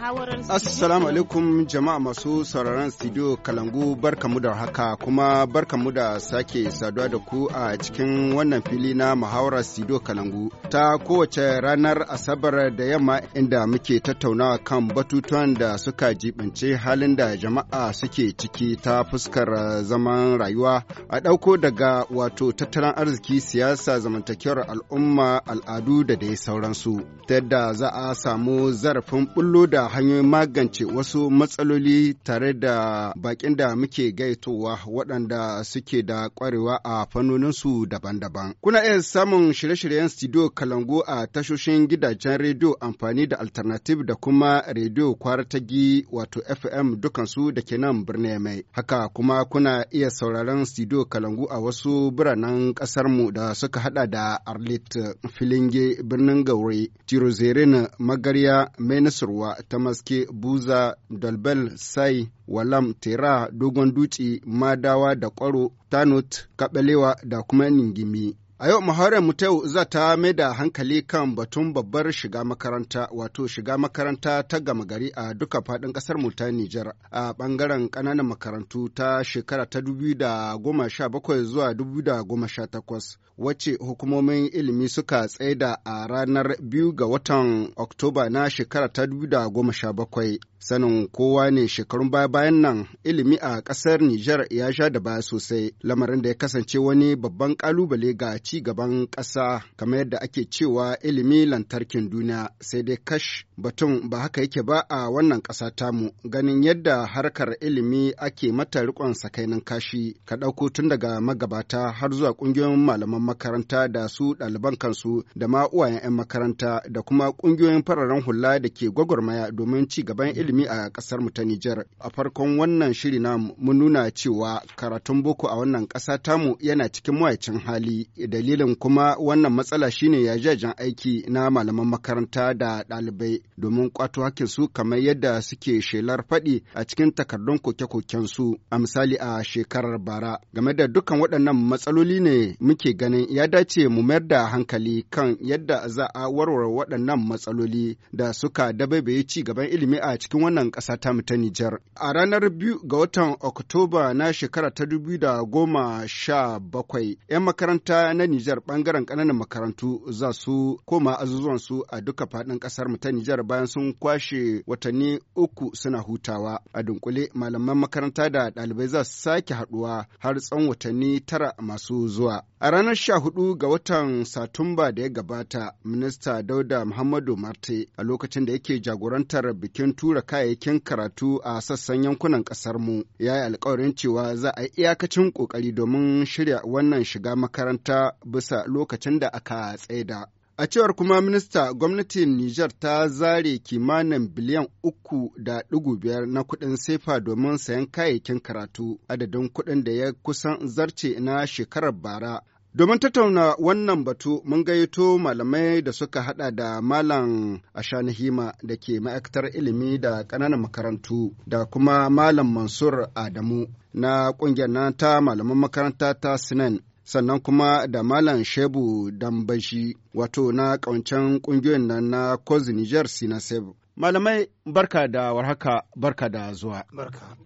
muhawarar Assalamu alaikum jama'a masu sauraron studio Kalangu barkamu da haka kuma barkamu da sake saduwa da ku a cikin wannan fili na muhawarar studio Kalangu ta kowace ranar Asabar da yamma inda muke tattaunawa kan batutuwan da suka jibince halin da jama'a suke ciki ta fuskar zaman rayuwa a ɗauko daga wato tattalin arziki siyasa zamantakewar al'umma al'adu da dai sauransu ta yadda za a samu zarafin bullo da hanyoyin magance wasu matsaloli tare da bakin da muke gaitowa waɗanda suke da ƙwarewa a fannoninsu daban-daban. Kuna iya samun shirye-shiryen studio Kalangu a tashoshin gidajen rediyo amfani da Alternative da kuma rediyo kwaratagi wato FM dukansu da ke nan birnin mai. Haka kuma kuna iya sauraron studio Kalangu a wasu biranen mu da suka haɗa da Arlit Filinge birnin Gaure, Tirozerin Magarya Menisirwa ta maske Buza, Dalbel, Sai, Walam, Tera, Dogon Duci, Madawa da Kwaro, Tanut, kabelewa da kuma Ningimi. A yau muhawarar mu ta yau za ta mai da hankali kan batun babbar shiga makaranta wato shiga makaranta ta gama gari a duka faɗin ƙasar mu ta Nijar a ɓangaren ƙananan makarantu ta shekara ta 2017 zuwa 2018 wacce hukumomin ilimi suka tsaida a ranar biyu ga watan Oktoba na shekara ta 2017. Sanin kowa ne shekarun baya-bayan nan ilimi a ƙasar Nijar ya sha da baya sosai lamarin da ya kasance wani babban ƙalubale ga ci gaban ƙasa kamar yadda ake cewa ilimi lantarkin duniya sai dai kash batun ba haka yake ba a wannan ƙasa tamu ganin yadda harkar ilimi ake mata riƙon sakainin kashi ka ɗauko tun daga magabata har zuwa ƙungiyoyin malaman makaranta da su ɗaliban kansu da ma uwayen 'yan makaranta da kuma ƙungiyoyin fararen hula da ke gwagwarmaya domin ci gaban ilimi a ƙasar mu ta Nijar. A farkon wannan shiri na mun nuna cewa karatun boko a wannan ƙasa tamu yana cikin mawacin hali da Dalilin kuma wannan matsala shine yajajen aiki na malaman makaranta da ɗalibai domin kwato hakkin su kamar yadda suke shelar faɗi a cikin takardun koke-koken su a misali a shekarar bara. Game da dukkan waɗannan matsaloli ne muke ganin ya dace mu mayar da hankali kan yadda za a warware waɗannan matsaloli da suka dabaibaye ci gaban ilimi a cikin wannan ƙasa ta mu ta Nijar. A ranar biyu ga watan Oktoba na shekara ta dubu da goma sha bakwai, 'yan makaranta na Nijar bangaren kananan makarantu za su koma azuzuwansu a duka faɗin ƙasar mu ta Nijar bayan sun kwashe watanni uku suna hutawa. A dunkule malaman makaranta da ɗalibai za su sake haɗuwa har tsawon watanni tara masu zuwa. A ranar sha hudu ga watan Satumba da ya gabata, Minista Dauda Muhammadu Marte a lokacin da yake jagorantar bikin tura kayayyakin karatu a sassan yankunan ƙasarmu ya yi alkawarin cewa za a yi iyakacin ƙoƙari domin shirya wannan shiga makaranta bisa lokacin da aka tsaida. A cewar kuma minista gwamnatin Nijar ta zare kimanin biliyan uku da ɗigo biyar na kuɗin sefa domin sayan kayayyakin karatu adadin kuɗin da ya kusan zarce na shekarar bara. Domin tattauna wannan batu mun gayyato malamai da suka hada da Malam Ashanihima da ke ma'aikatar ilimi da ƙananan makarantu da kuma Malam Mansur Adamu na ƙungiyar ta malaman makaranta ta Sinan sannan kuma da Malam Shebu Dambashi wato na ƙawancen ƙungiyoyin nan na Kozi Niger Sinaseb. Malamai barka da warhaka barka da zuwa.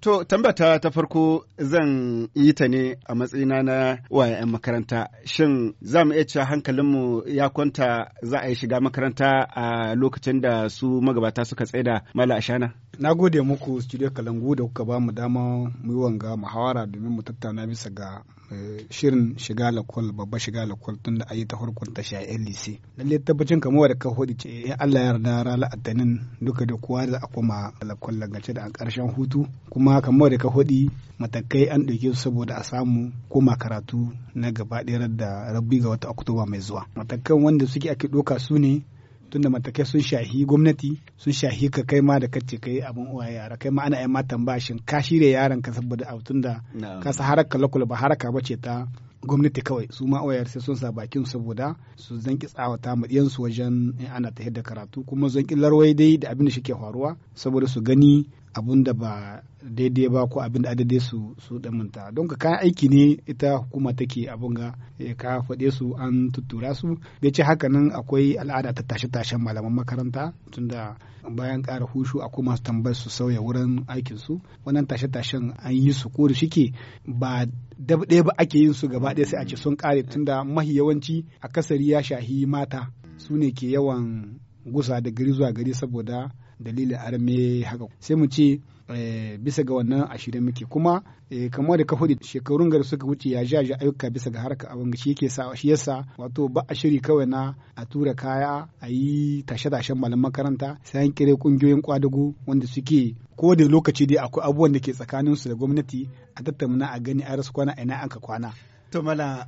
To tambata ta farko zan yi ta ne a matsayina na wayan makaranta. Shin za mu iya cewa hankalinmu ya kwanta za a yi shiga makaranta a lokacin da su magabata suka tsaida mala ashana? na gode muku studio kalangu da kuka ba mu dama mu yi wanga muhawara domin mu tattauna bisa ga eh, shirin shiga lakwal babba shiga lakwal tun da ayi ta harkar ta sha LDC lise lalle tabbacin kamar da ka hodi ce in Allah ya yarda la attanin duka da kowa da akuma lakwal lagace da a karshen hutu kuma kamar da ka hodi, matakai an ɗauke su saboda a samu koma karatu na gaba da rabbi ga wata oktoba mai zuwa matakan wanda suke ake doka su ne tunda matakai sun shahi gwamnati sun shahi ka kai ma da kace kai abin uwa yara kai ma ana yi matan ba shin ka shirya yaran ka saboda abu da ka sa haraka lakula ba haraka ba ce ta gwamnati kawai su ma uwayar sai sun sa bakin saboda su zanki tsawata ma su wajen ana ta da karatu kuma zanki larwai dai da abin da shike faruwa saboda su gani Abin da ba daidai ba ko abin da adadai su su manta don ka kayan aiki ne ita hukuma take abin ga eh, ka faɗe su an tuttura su da ce haka nan akwai al'ada ta tashe tashen malaman makaranta tun da bayan ƙara hushu akwai masu tambayar su sauya wurin aikin su wannan tashe tashen an yi su ko da shike ba dab ɗaya ba ake yin su gaba ɗaya sai a ce sun ƙare da mahi yawanci akasari ya shahi mata su ne ke yawan gusa da gari zuwa gari saboda dalilin arme haka sai mu ce eh, bisa ga wannan ashirin muke kuma eh, kamar da kafin shekarun gari suka wuce ya ja ja ayyuka bisa ga harka abin shi yake sa shi yasa wato ba a shiri kawai na a tura kaya a yi tashe-tashen malam makaranta sai an kire kungiyoyin kwadago wanda suke ko da lokaci dai akwai abubuwan da ke tsakanin su da gwamnati a tattauna a gani a rasu kwana ina an ka kwana to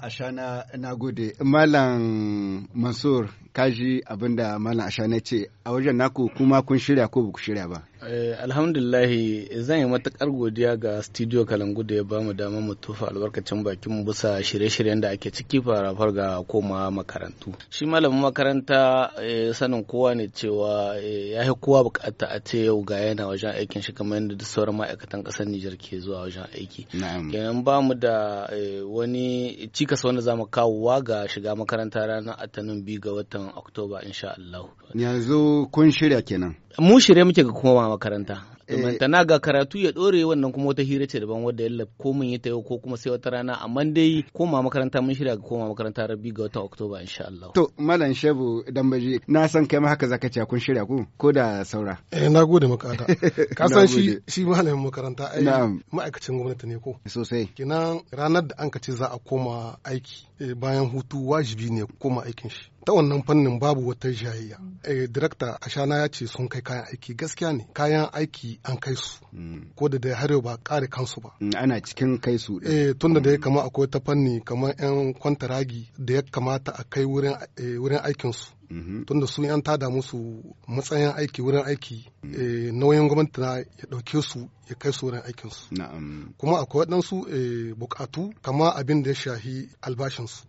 ashana na gode malam mansur kaji abinda malam ashana ce a wajen naku kuma kun shirya ko ba ku shirya ba Eh, alhamdulillahi zan yi matukar godiya ga studio kalangu da ya ba mu damar mu tufa albarkacin bakin mu bisa shirye-shiryen da ake ciki farafar ga koma makarantu shi malamin makaranta eh, sanin kowa ne cewa eh, ya yi kowa bukata a ce yau ga yana wajen aikin shi kamar yadda duk sauran ma'aikatan ƙasar Nijar ke zuwa wajen aiki kenan ba mu da wani cikas wanda zamu kawowa ga shiga makaranta ranar atanin biyu ga watan oktoba insha allahu yanzu kun shirya kenan mu shirye muke ga kuma makaranta domin eh. na ga karatu ya dore wannan kuma wata hira ce daban wadda yalla ko mun yi ta yau ko kuma sai wata rana amma dai koma makaranta mun shirya ga koma makaranta rabi ga watan oktoba insha Allah to malam shebu dambaji na san kai ma haka zaka ce kun shirya ku ko da saura eh na gode maka ada ka san shi shi malamin makaranta ai ma'aikacin gwamnati ne ko sosai kinan ranar da an ka ce za a koma aiki eh, bayan hutu wajibi ne koma aikin shi ta wannan fannin babu wata jayayya eh director ashana ya ce sun kai kayan aiki gaskiya ne kayan aiki an kai su hmm. ko da da har ba kare kansu ba hmm, ana cikin kai su eh tunda da ya hmm. kama akwai ta fanni kamar yan kwantaragi da ya kamata a kai wurin eh, wurin aikin su Mm-hmm. tunda su an tada musu matsayin aiki wurin aiki mm-hmm. eh, nauyin gwamnati na ya ɗauke su ya kai su wurin aikinsu kuma akwai waɗansu eh, bukatu kama abin da ya shahi albashinsu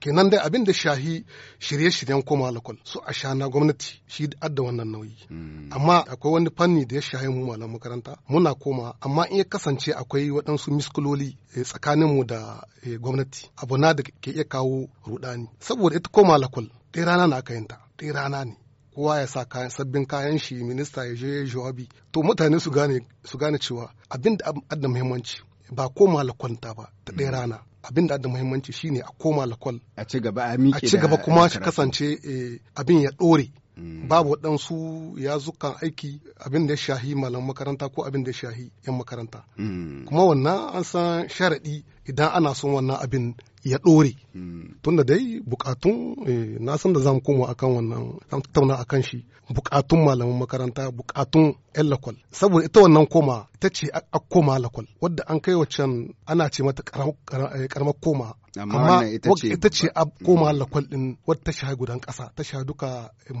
kenan dai abin da shahi shirye-shiryen koma lakwal su a sha na gwamnati shi adda wannan nauyi mm. amma akwai wani fanni da ya shahi mu malam makaranta muna koma amma in ya kasance akwai waɗansu miskiloli. Eh, tsakaninmu da gwamnati abu na da ke iya kawo rudani saboda ita koma lakwal ɗai rana na aka ta rana ne kowa ya sa kayan sabbin kayan shi minista ya je jawabi to mutane su gane su gane cewa abin da adda muhimmanci ba koma lakwanta ba ta ɗaya mm. rana abin da da muhimmanci shine a koma lakwal a ci gaba a miƙe a ci gaba kuma shi kasance eh, abin ya ɗore mm. babu waɗansu ya zukan aiki abin da ya shahi malam makaranta ko abin da ya shahi yan makaranta mm. kuma wannan an san sharaɗi idan ana son wannan abin ya ɗore tunda dai bukatun eh, na san da zamu koma akan wannan zamu tattauna akan shi bukatun malaman makaranta bukatun yan lakwal saboda ita wannan koma ita ce a koma lakwal wadda an kai wacan ana ce mata karamar eh, koma amma ita ce a koma mm. lakwal din wadda ta shahi gudan kasa ta shahi duka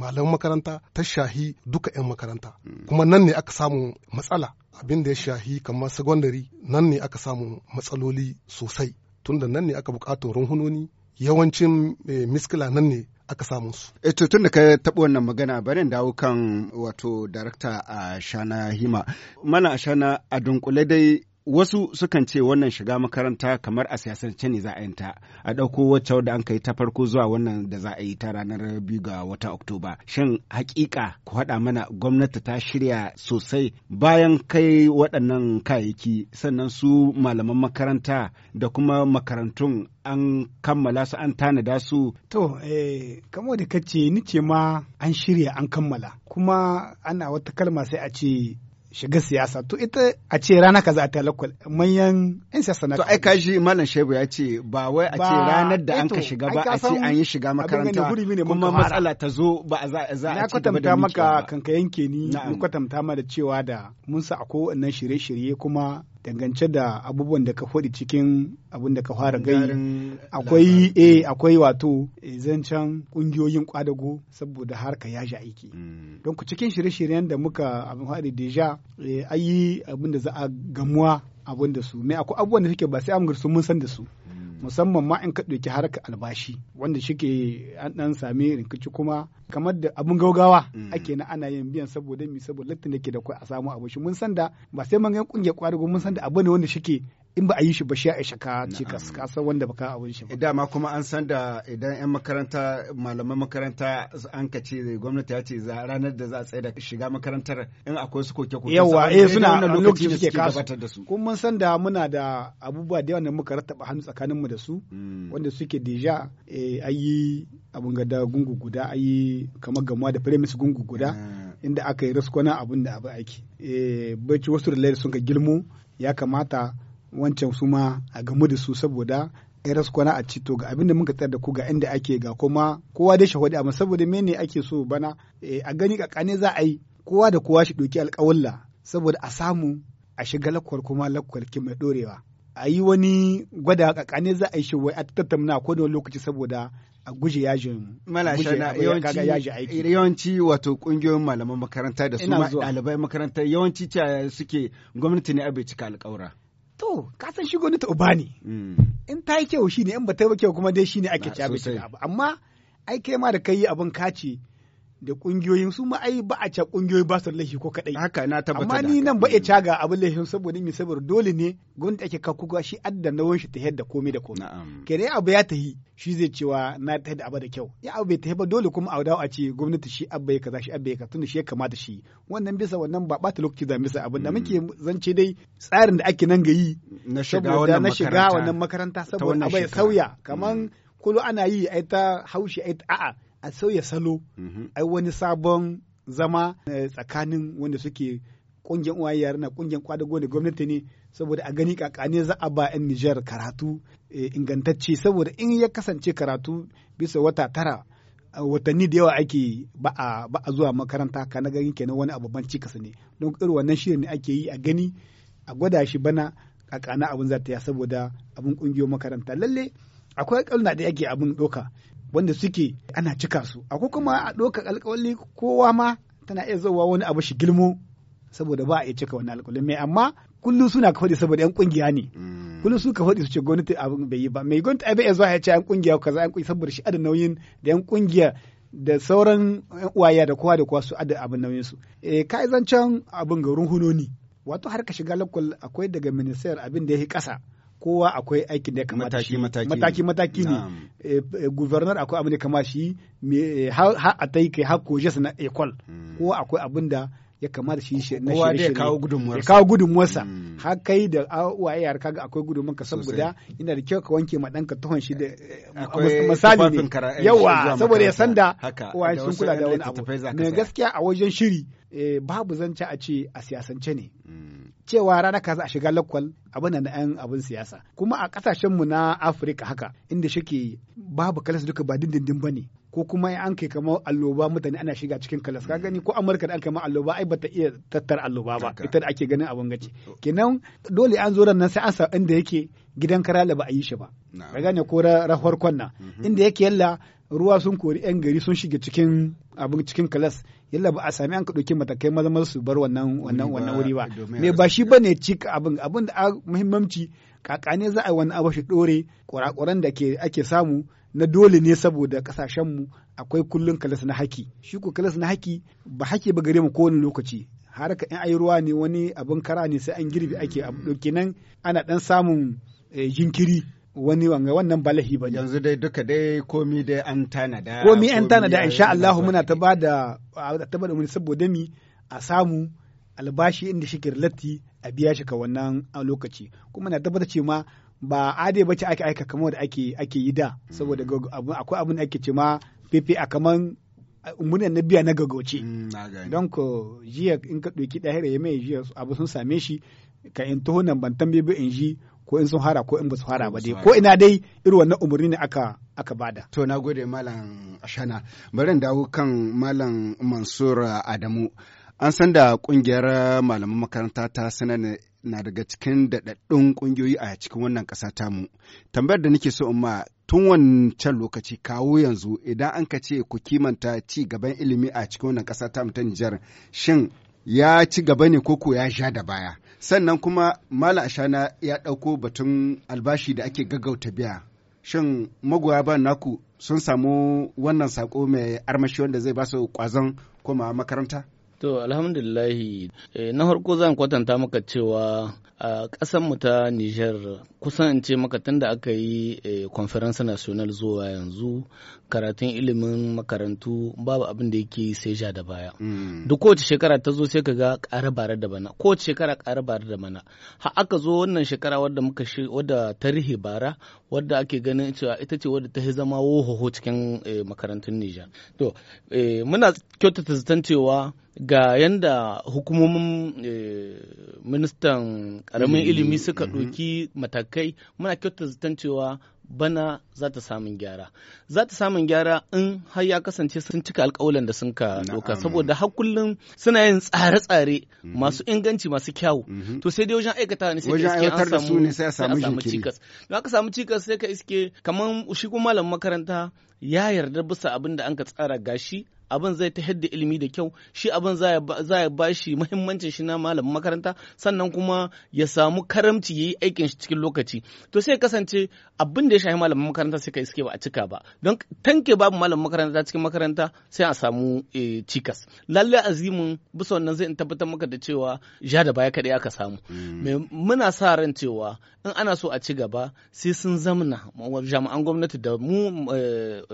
malaman makaranta ta shahi duka yan makaranta mm. kuma nan ne aka samu matsala abin da ya shahi kamar secondary nan ne aka samu matsaloli sosai tunda nan ne aka buƙatar runhunoni yawancin eh, miskila nan ne aka samu su. Eto eh, tun da ka taɓa wannan magana barin dawo kan wato darakta a Shana Hima. Mana a Shana a dunkule dai wasu sukan ce wannan shiga makaranta kamar a siyasance ne za a yanta a ɗauko wacce wadda an kai ta farko zuwa wannan da za a yi ta ranar biyu ga wata oktoba shin hakika ku haɗa mana gwamnati ta shirya sosai bayan kai waɗannan kayayyaki sannan su malaman makaranta da kuma makarantun an kammala su an tanada su to eh kamo da kace ni ce ma an shirya an kammala kuma ana wata kalma sai a ce shiga siyasa to ita a ce rana kaza a talakwal manyan yan siyasa na to ai ka shi malam shebu ya ce ba wai a ce ranar da eh an ka shiga ba a ce an yi shiga makaranta kuma matsala ta zo ba a za a ci gaba da maka kanka yanke ni na kwatanta ma da cewa da mun sa akwai wannan shirye-shirye kuma dangance da abubuwan da ka faɗi cikin abin da ka fara gai akwai e akwai wato eh, zancen ƙungiyoyin kwadago saboda har ka shi aiki mm. don ku cikin shirye-shiryen da muka abin faɗi deja eh, ayi abin da za a gamuwa abin da su mai akwai abubuwan da suke ba sai amgar sun mun san da su musamman ma in ka ɗauki harkar albashi wanda shike an ɗan sami rinkici kuma kamar da abun gaugawa mm. ake na ana yin biyan saboda mi saboda lattin da ke da kwai a samu abu shi mun san da ba sai mun ga kungiyar kwadago mun san da abu ne wanda shike in ba a yi shi ba sha aisha ka ce ka san wanda baka abun wunshi ba eh, dama kuma an san da idan yan makaranta malaman makaranta an ka ce gwamnati ya ce za ranar da za a tsaye da shiga makarantar in akwai su koke kuma. yawa eh suna lokaci suke gabatar da su Kuma mun san da muna da abubuwa da yawa da muka rattaba hannu tsakanin mu da su hmm. wanda suke deja eh, ayi abun gada gungu guda ayi kamar gamuwa da premise gungu guda hmm. inda aka yi raskwana abun da abu aiki eh bai wasu da sun ka girmo ya kamata wancan su ma a game da su saboda iras kwana a cito ga abinda muka tsayar da ku ga inda ake ga kuma kowa da shahudi amma saboda mene ake so bana eh, a gani kakane za a yi kowa da kowa shi ɗauki alƙawalla saboda a samu a shiga lakwar kuma ki mai ɗorewa a yi wani gwada kakane za a yi shi wai a tattauna ko da lokaci saboda a guje yajin malashana yawanci wato kungiyoyin malaman makaranta da su ɗalibai makaranta yawanci suke gwamnati ne abai cika alƙawura to ka san shigo ni ta uba ne mm. in ta yi kyau shine in ba ta yi kyau kuma dai shine ake ci ba amma ai kai ma da kai abin kaci da kungiyoyin su ma ai ba a ca kungiyoyi ba su laifi ko kadai haka na tabbata amma ni nan ba a mm. ca ga abin laifin saboda mi saboda dole ne gwamnati ake ga shi adda nawon shi ta yadda komai da komai kare abu ya tahi shi zai cewa na ta da abu da kyau ya abu bai tahi ba dole kuma a dawo a ce gwamnati shi abba ya kaza shi abba ya kaza tunda shi ya kamata shi wannan bisa wannan ba bata lokaci da misa abin da mm. muke zance dai tsarin da ake nan ga yi na shiga wannan makaranta saboda abu ya sauya kaman mm. kullu ana yi ai ta haushi ai a'a a sauya salo mm-hmm. ai wani sabon zama eh, tsakanin wanda suke kungiyar uwaye yare na kungiyar kwadago da gwamnati ne saboda a gani kakane za a ba 'yan Nijar karatu eh, ingantacce saboda in ya kasance karatu bisa wata tara watanni da yawa ake ba a zuwa makaranta ka na gani kenan wani abu ban cikas ne don irin wannan shirin ne ake yi a gani a gwada shi bana kakana abin za ya saboda abin kungiyar makaranta lalle akwai kalna da yake abin doka wanda suke ana cika su a kuma a ɗaukar alkawali kowa ma tana iya zuwa wani abu shi gilmo saboda ba a iya cika wani alkawali mai amma kullum suna ka faɗi saboda yan kungiya ne mm. kullum suka faɗi su ce gwamnati abin bai yi ba mai gwamnati ai bai zuwa ya ce yan kungiya kaza yan kungiya saboda shi ada nauyin da yan kungiya da sauran yan uwaya da kowa da kowa su ada abin nauyin su eh kai zancen abin garin hunoni wato har ka shiga lokal akwai daga ministeriyar abin da ya yi ƙasa kowa akwai aikin da ya kamata shi mataki mataki ne eh, eh, governor akwai abin da kama shi eh, har a ta yi kai har koje na ecole hmm. kowa akwai abin da ya kamata shi shi na shirye shirye kawo gudunmuwarsa kawo gudunmuwarsa hmm. har kai da uwaye yar kaga akwai gudunmuwarka saboda ina da kyau ka wanke ma danka tuhon shi da misali ne yawa saboda ya sanda uwaye sun kula da wani abu ne gaskiya a wajen shiri babu zance a ce a siyasance ne hmm. cewa rana kaza a shiga lakwal abin na yan abin siyasa kuma a kasashen mu na Afirka haka inda shike babu kalas duka ba dindindin bane ko kuma an kai kamar alloba mutane ana shiga cikin kalas ka gani ko amurka da an kai ma alloba ai bata iya tattara alloba ba ita da ake ganin abin gaci kenan dole an zo nan sai an sa inda yake gidan karala ba a yi shi ba ka gane ko rahwar kwanna mhm. inda yake yalla ruwa sun kori 'yan gari sun shiga cikin abin cikin kalas yalla ba a sami an ka ɗauki matakai maza su bar wannan wannan wannan wuri ba me ba shi ba ne cika abin abin da muhimmanci ne za a yi wani abu shi ɗore kurakuran da ke ake samu na dole ne saboda kasashen mu akwai kullun kalas na haki shi ko kalas na haki ba haki ba gare mu kowane lokaci har ka in ayi ruwa ne wani abin kara ne sai an girbi ake nan ana ɗan samun eh, jinkiri wani wanga wannan balahi ba yanzu dai duka dai komi dai an tanada komi an tanada insha Allah muna ta bada ta bada mun saboda mi a samu albashi inda shi latti a biya shi ka wannan a lokaci kuma na tabbata ce ma ba ade bace ake aika kamar da ake ake yi da saboda mm. akwai abin da ake ce ma fefe a kaman umurni na biya na gagoce mm, don ko jiya in ka ɗauki ɗahira ya mai jiya abu sun same shi ka in tuhunan nan ban tambaye in ji ko in sun hara ko in ba su hara ba dai ko ina dai irin wannan umarni ne aka aka bada. To na gode malam Ashana bari dawo kan malam Mansur Adamu. An san da kungiyar malaman makaranta ta sanar na daga cikin daɗaɗɗun ƙungiyoyi a cikin wannan ƙasa mu Tambayar da nake so in ma tun wancan lokaci kawo yanzu idan an ka ce ku kimanta ci gaban ilimi a cikin wannan ƙasa ta ta Nijar shin ya ci gaba ne ko ya sha da baya sannan kuma mala ashana ya ɗauko batun albashi da ake gaggauta biya shin magoya ba naku sun samu wannan sako mai armashi wanda zai ba su kwazon koma makaranta to alhamdulillahi eh, na farko zan kwatanta maka cewa a mu ta Nijar kusan in ce maka tunda aka yi eh, conference national zuwa yanzu karatun ilimin makarantu babu abin da yake sai ja da baya mm. duk kowace shekara ta zo sai ka ga ƙara bare da bana kowace shekara ƙara bare da bana Ha aka zo wannan shekara wadda muka shi wadda tarihi bara wadda ake ganin cewa ita ce wadda ta zama wohoho cikin eh, makarantun Nijar to eh, muna kyautata zaton ga yanda hukumomin ministan karamin hmm. ilimi suka hmm. ɗoki matakai muna kyauta zaton cewa bana za ta samun gyara za ta samun gyara in har ya kasance sun cika alkawalan da sun ka doka saboda har kullum suna yin tsare-tsare hmm. masu inganci masu kyawu to sai dai wajen aikata ne sai iske an samu cikas don aka samu cikas sai ka iske kamar shi kuma malam makaranta ya yarda bisa abin da an ka tsara gashi abin zai ta da ilimi da kyau shi abin za ya ba shi muhimmancin shi na malamin makaranta sannan kuma ya samu karamci ya yi aikin shi cikin lokaci to sai kasance abin da ya shafi malamin makaranta sai ka iske ba a cika ba don tanke babu malamin makaranta cikin makaranta sai a samu eh, cikas lalle azimin bisa wannan zai tabbatar maka da cewa ja da baya kaɗai aka samu mm. muna sa ran cewa in ana so a ci gaba sai sun zamna jami'an gwamnati da mu eh,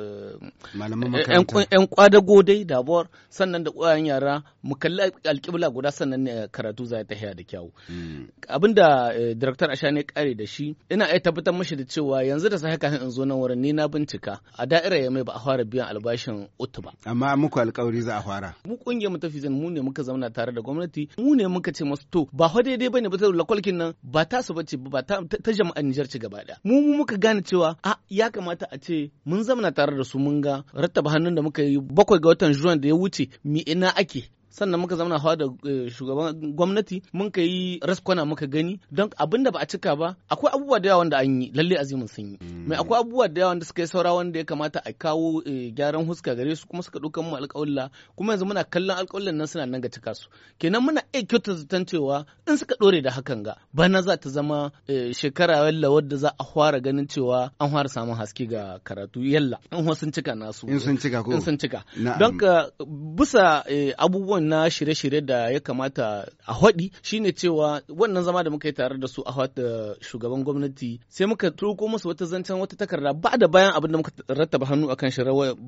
eh, kwadago dai dabuwar sannan da ƙwayan yara mu kalli alƙibla guda sannan ne eh, karatu za ta haya da kyawu hmm. abin da eh, director asha ne kare da shi ina iya tabbatar mashi da cewa yanzu da sai kafin in zo nan wurin ni na bincika a da'irar ya mai ba a fara biyan albashin utu ba amma muku alƙawari za a fara mu kungiyar mu tafi mu ne muka zauna tare da gwamnati mu ne muka ce masu to ba fa daidai bane ba ta lakwalkin nan ba ta su bace ba ta jama'a Nijar ci gaba daya mu mu muka gane cewa a ah, ya kamata a ce mun zauna tare da su mun ga rattaba hannun da muka yi bakwai ga watan juwan da ya wuce mi ina ake sannan muka zama hawa da eh, shugaban gwamnati mun ka yi raskwana muka gani don abin da ba a cika ba akwai abubuwa da yawa wanda an yi lalle azimin sun yi mm. mai akwai abubuwa da yawa wanda suka yi saura wanda ya kamata a kawo eh, gyaran huska gare su kuma suka ɗaukan mu alƙawalla kuma yanzu muna kallon alƙawallan nan suna nan ga cika su kenan muna iya kyauta zaton cewa in suka ɗore da hakan ga bana za ta zama eh, shekara yalla wadda za a fara ganin cewa an fara samun haske ga karatu yalla in sun cika nasu in sun cika ko in sun cika don ka bisa abubuwan na shirye-shirye da ya kamata a haɗi shine cewa wannan zama da muka yi tare da su a haɗa shugaban gwamnati sai muka turko musu wata zancen wata takarda ba da bayan abin da muka rattaba hannu akan shi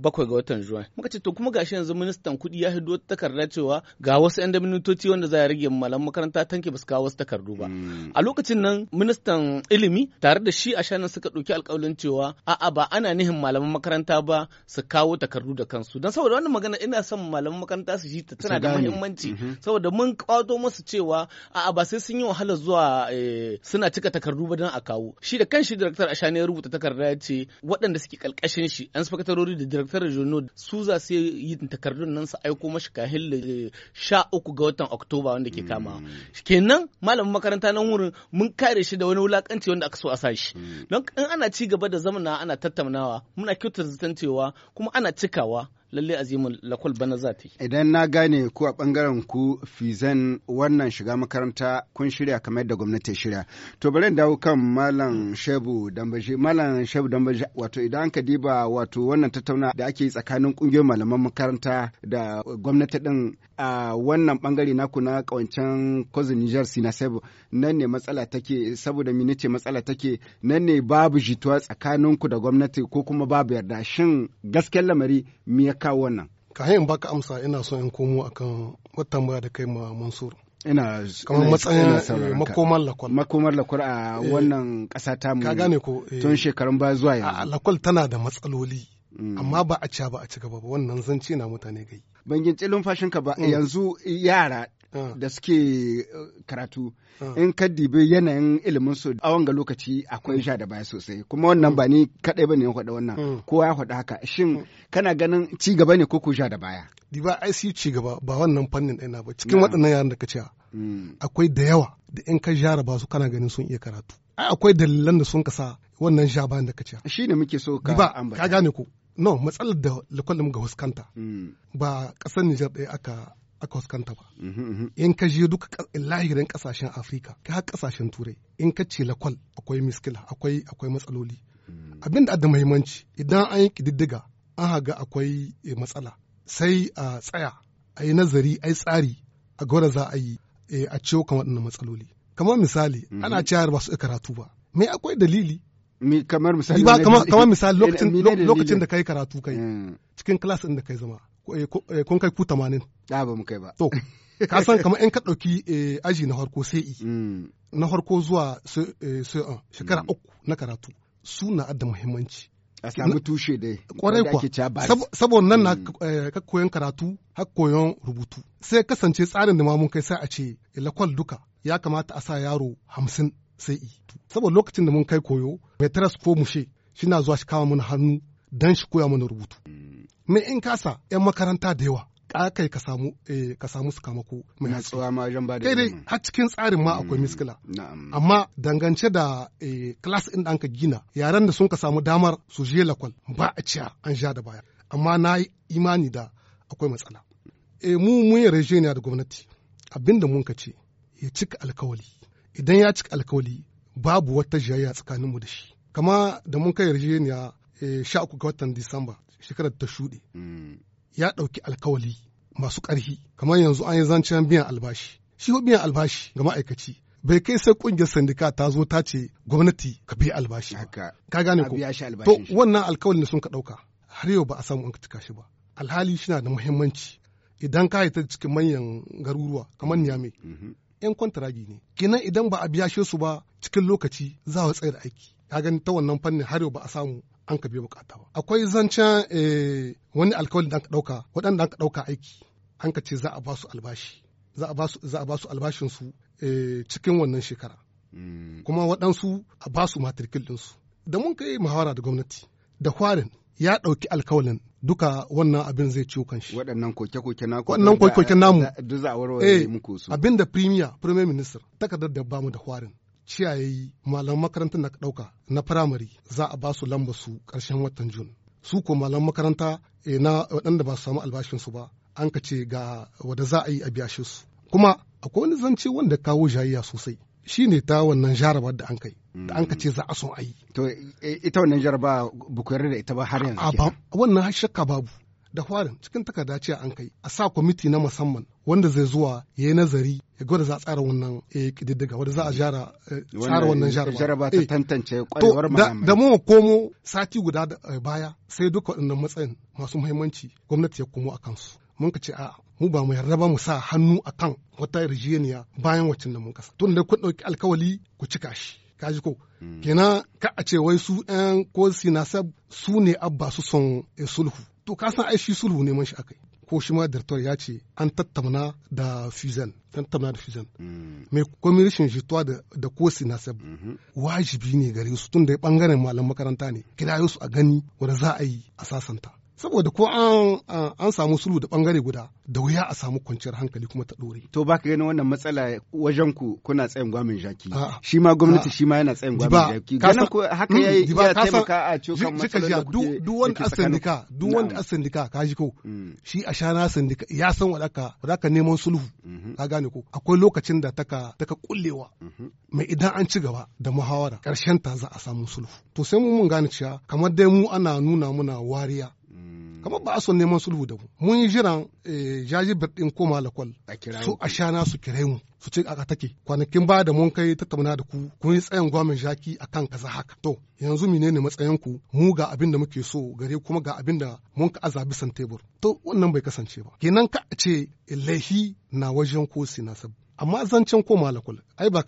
bakwai ga watan juwan muka ce to kuma gashi yanzu ministan kuɗi ya hido takarda cewa ga wasu yan mintoci wanda za a rage malam makaranta tanke ba su kawo wasu takardu ba hmm. a lokacin nan ministan ilimi tare da shi a shanin suka ɗauki alƙawarin cewa a'a ba ana nihin malaman makaranta ba su kawo takardu da kansu don saboda wannan magana ina son malaman makaranta su ji ta tana da muhimmanci mm-hmm. saboda mun kwato musu cewa a ba sai sun yi wahala zuwa eh, suna cika takardu ba don a kawo shi da kanshi director ashani ya rubuta takarda ya ce waɗanda suke kalkashin shi an sakatarori da director jono su za su yi takardun nan su aiko mashi kahin eh, sha uku ga watan oktoba wanda ke kama mm. kenan malamin makaranta nan wurin mun kare shi da wani wulakanci wanda aka so a sa shi mm. don in ana ci gaba da zamana ana tattaunawa muna kyautar zaton cewa kuma ana cikawa lalle azimin lakul bana za ta yi. Idan na gane ku a bangaren ku fizan wannan shiga makaranta kun shirya kamar yadda gwamnati shirya. To bari dawo kan Malam Shebu Dambaji. Malam Shebu Dambaji wato idan an ka diba wato wannan tattauna da ake yi tsakanin kungiyoyin malaman makaranta da gwamnati din a wannan bangare nakuna na kawancen Nijar Niger Sinasebu nan ne matsala take saboda mini ce matsala take nan ne babu jituwa tsakaninku da gwamnati ko kuma babu yarda shin gaskiyar lamari me kawo wannan kayan baka amsa ina son in komo akan wata tambaya da kai ma Mansur ina kamar matsayin eh, makomar lakwal makomar lakwal a eh. wannan ƙasa ta mu ka gane ko eh. tun shekarun ba zuwa yanzu lakwal tana da matsaloli mm. amma ba a ci ba a ci gaba ba wannan ci na mutane gai ban gince lumfashin ka ba mm. yanzu yara Mm. da suke uh, karatu mm. in ka dibi yanayin ilimin su a wanga lokaci akwai sha mm. da baya sosai kuma wannan ba ni kadai bane ya faɗa wannan kowa ya faɗa haka shin kana ganin ci gaba ne ko ko sha da baya diba ai su ci gaba ba wannan fannin ɗaya ba cikin waɗannan yaran da ka ce akwai da yawa da in ka jaraba su kana ganin sun iya karatu ai akwai dalilan da sun kasa wannan bayan da ka ce shi ne muke so ka ambata ka gane ko no matsalar da lakwalin ga huskanta ba ƙasar Nijar ɗaya aka aka fuskanta ba. Mhm, mhm. In ka je duka lahirin kasashen Afrika, ka har kasashen Turai, in ka ce lakwal akwai miskila, akwai akwai matsaloli. Mm. Abin da da muhimmanci idan an yi ƙididdiga an haga akwai eh, matsala sai a tsaya a yi nazari a yi tsari a gwada za a yi eh, a ciwo kan waɗannan matsaloli. Kamar misali mhm. ana cewa ba su karatu ba. Me akwai dalili? Kamar misali. misali eh, lokacin da yi karatu kai cikin kilas ɗin da kai zama. Eh, eh, kun kai ku tamanin. Da ba mu kai ba. To, ka san kamar ‘yan ka ɗauki eh, aji na harko sai i. Mm. Na harko zuwa sai an shekara mm. uku na karatu su na adda muhimmanci. A samu tushe dai. Kwarai kuwa. Saboda nan na mm. ka koyon karatu har koyon rubutu. Sai kasance tsarin da mun kai sai a ce lakwal duka ya kamata a sa yaro hamsin sai i. Saboda lokacin da mun kai koyo mai taras ko mushe shi na zuwa shi kama mana hannu don shi koya mana rubutu. me in kasa 'yan makaranta da yawa kai ka samu eh, ka samu mai hatsuwa ma ba da dai har cikin tsarin ma akwai mm, miskila amma dangance da eh, class din da anka gina Yaren da sun ka samu damar su je lakwal ba a ciya an sha da baya amma na yi imani da akwai matsala e mu mun yi rejeniya da gwamnati abinda mun ka ce ya cika alkawali idan ya cika alkawali babu wata jayayya tsakaninmu da shi kama da mun kai rejeniya sha uku ga watan disamba shekarar ta shuɗe mm. ya ɗauki alkawali masu ƙarfi kamar yanzu an yi zancen biyan albashi shi biyan albashi ga ma'aikaci bai kai sai ƙungiyar sandika ta zo ta ce gwamnati ka biya albashi ka gane ko to wannan alkawalin sun ka ɗauka har yau ba a samu an cika shi ba alhali shi da muhimmanci idan ka haita cikin manyan garuruwa kamar niyame mm-hmm. yan kwantaragi ne kenan idan ba a biya shi su ba cikin lokaci za a tsayar aiki ka gani ta wannan fannin har yau ba a samu an ka biyo bukata ba akwai zancen eh, wani alkawalin da an ka ɗauka waɗanda an ka dauka aiki an ka ce za a ba su albashi za a ba su albashin su eh, cikin wannan shekara mm. kuma waɗansu a ba su matrikil ɗinsu da mun kai muhawara da gwamnati da kwarin ya ɗauki alkawalin duka wannan abin zai ciwo kanshi. Waɗannan koke-koke na Waɗannan koke-koke namu. Eh, abin da Premier, Premier Minister, takardar da bamu da kwarin ciyayi malaman makaranta na ɗauka na firamare za a ba su lamba su ƙarshen watan jun su ko malaman makaranta eh, na waɗanda ba su samu albashinsu ba an ka ce ga wada za a yi a biyashe su kuma akwai wani zance wanda kawo jayayya sosai shi ne ta wannan jarabar da an kai da an ka ce za a son a yi. To eh, ita wannan jaraba ba ku da ita ba har yanzu. Wannan shakka babu da farin cikin takarda ce an kai a sa kwamiti na musamman wanda zai zuwa ya yi nazari ya gwada za a tsara wannan eh, ƙididdiga wanda za a jara eh, tsara wannan jaraba ta eh, tantance kwarewar ma'amari da mawa komo sati guda baya sai duka waɗannan matsayin masu muhimmanci gwamnati ya komo a kansu mun ka ce a mu ba mu yarda ba mu sa hannu a kan wata yarjejeniya bayan wacin da mun kasa tun da kun ɗauki alkawali ku cika shi kaji ko hmm. kenan ka a ce wai su ɗan ko sinasab su ne abba su son sulhu to ka san ai shi sulhu neman shi akai ko shi ma director ya ce an tattauna da fusion an tattauna da fusion mai mm. komi rashin de da kosi na sab mm-hmm. wajibi ne gare su tun da bangaren malam makaranta ne kirayo su a gani wanda za a yi a sasanta saboda ko an an samu sulhu da bangare guda da wuya a samu kwanciyar hankali kuma ta dore to baka gani wannan matsala wajen ku kuna tsayin gwamin jaki shi ma gwamnati shi ma yana tsayin gwamin jaki ganin ko haka yayi hmm, ya taimaka a cokan matsalolin duk duk wanda a sandika duk wanda a sandika ka ji ko hmm. shi a shana sandika ya san wadaka wadaka neman sulhu mhm. ka gane ko akwai lokacin da taka taka kullewa mhm. mai idan an ci gaba da muhawara karshen ta za a samu sulhu to sai mun gane cewa kamar dai mu ana nuna muna wariya Mm. kamar ba a son neman sulhu da mu mun yi jiran eh, jaji din koma lakwal su a shana su kirai mu su ce aka take kwanakin ba da mun kai tattauna da ku kun yi tsayin gwamin jaki kan kaza haka to yanzu ne matsayin ku mu ga abin da muke so gare kuma ga abin da mun ka azabi san tebur to wannan bai kasance ba kenan ka ce lahi na wajen ko sinasab amma zancen koma lakwal ai ba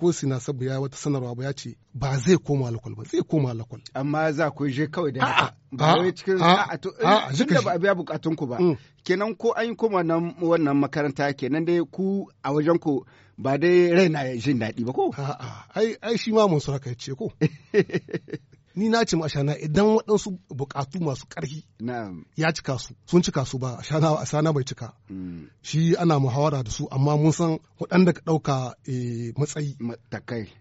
ko sina sabu ya wata sanarwa ba ya ce ba zai koma lakwal ba zai koma lakwal amma za ku je kawai da haka ba wai cikin a'a to eh, A biya bukatun ku ba mm. kenan ko an yi koma nan wannan makaranta kenan dai ku a wajen ku ba dai raina jin daɗi ba ko a'a ai ai shi ma mun sura kai ce ko ni na ce ashana idan waɗansu buƙatu masu ƙarfi ya cika su sun cika su ba ashana bai cika mm. shi ana muhawara da su amma mun san waɗanda ka ɗauka eh, matsayi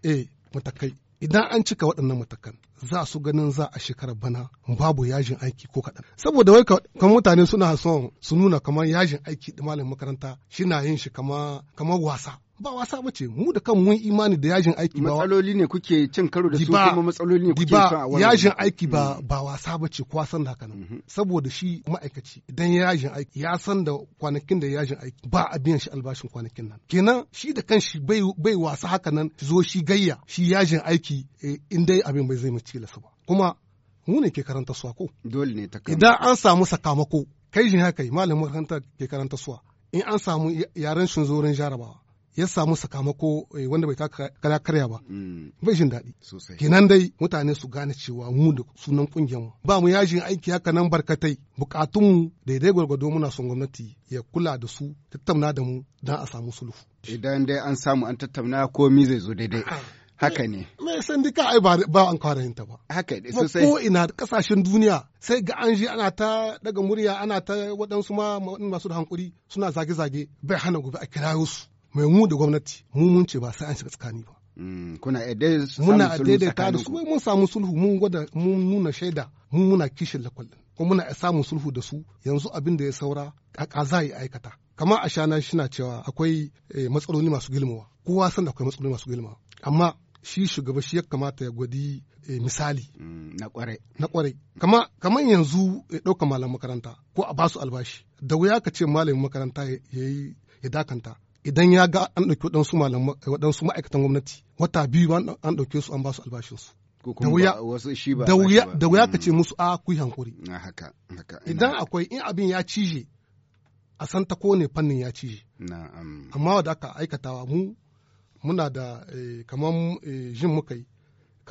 eh, matakai idan an cika waɗannan matakan za su ganin za a shekarar bana babu yajin aiki ko kaɗan saboda wai kan mutane suna son su nuna kamar yajin aiki da malamin makaranta shi na yin shi kamar wasa ba wasa ba ce mu da kan mun imani da yajin aiki ba matsaloli ne kuke cin karo da su kuma matsaloli ne kuke a wannan yajin aiki ba mm. ba wasa ba ce kowa san haka nan mm-hmm. saboda shi ma'aikaci idan ya yajin aiki ya san da kwanakin da yajin aiki ba a biyan shi albashin kwanakin nan kenan shi da kan bai bai wasa haka nan zo shi gayya shi yajin aiki eh, in dai abin bai zai mace lasa ba kuma mu ne ke karanta suwa ko dole ne ta idan an samu sakamako kai jin haka malamin makarantar ke karanta suwa in an samu yaren shunzorin jarabawa ya samu sakamako eh, wanda bai taka kara karya ba mm. bai jin daɗi kenan dai mutane su gane cewa mu da sunan kungiyar ba mu yajin aiki haka nan barkatai bukatun daidai gwargwado muna son gwamnati ya kula da su tattauna da mu don a samu sulhu idan dai an samu an tattauna komi zai zo daidai haka ne me sandika ai ba an kwara yinta ba haka ne sosai ko ina kasashen duniya sai ga an ji ana ta daga murya ana ta waɗansu ma masu da hankuri suna zage-zage bai hana gobe a kirayo su mai mu da gwamnati mu mun ce ba sai an shiga tsakani ba mm, kuna muna daidaita da su mun samu sulhu mun gwada mun nuna shaida mun muna kishin lakwalin kuma muna samun sulhu da su yanzu abin da ya saura a za yi aikata kamar a shana shina cewa akwai eh, matsaloli masu gilmawa kowa san da akwai matsaloli masu gilmawa amma shi shugaba shi ya kamata ya gwadi eh, misali mm, na kwarai na kware kama kamar yanzu ya ɗauka malam makaranta ko a basu albashi da wuya ka ce malamin makaranta ya yi ya dakanta idan ya ga an ɗauki waɗansu ma'aikatan gwamnati wata biyu an ɗauke su an ba su albashinsu da wuya ka ce mm. musu a kuyi hankuri ah, idan akwai in abin ya cije a san ta kone fannin ya cije amma wadda aka aikatawa mu muna da eh, kamar eh, jin muka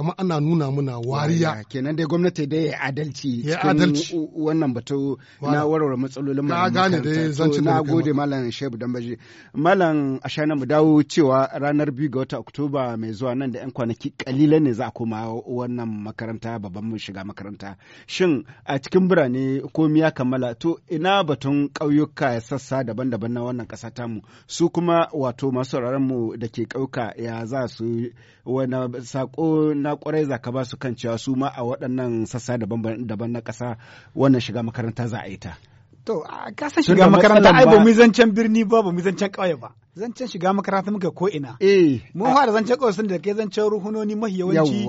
kamar ana nuna muna wariya kenan dai gwamnati dai ya adalci ya adalci wannan batu na warware matsalolin mu gane da zancin na gode malam shehu dambaji malam ashana mu dawo cewa ranar biyu ga wata oktoba mai zuwa nan da yan kwanaki kalilan ne za a koma wannan makaranta babban mun shiga makaranta shin a cikin birane ko miya kammala to ina batun ƙauyuka sassa daban-daban na wannan ƙasa tamu su kuma wato masu mu da ke ƙauka ya za su wani sako na kwarai za ka ba su kan cewa su ma a waɗannan sassa daban-daban na ƙasa wannan shiga makaranta za a yi ta. To, ka san shiga makaranta ai ba mu zancen birni ba ba mu zancen ƙauye ba. Zancen shiga makaranta muka ko ina. Eh. Mun fara zancen ƙauye sun da kai zancen ruhunoni mahi yawanci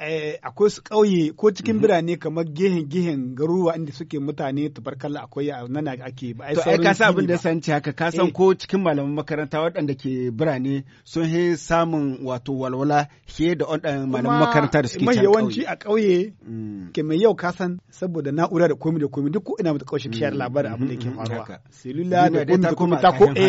Eh, akwai su ƙauye ko cikin mhm. birane kamar gehen gehen garuruwa inda suke mutane tabarkalla akwai a nan ake ba ai sauran ka san abin da san ci haka ka san eh. ko cikin malaman makaranta waɗanda ke birane sun he samun wato walwala fiye da waɗanda malaman makaranta da suke can yawanci a ƙauye mm. ke mai yau ka san saboda na'ura da komi da komi duk ko ina mata kaushe shiyar mm, labarin abin da ke mm, faruwa selula da kuma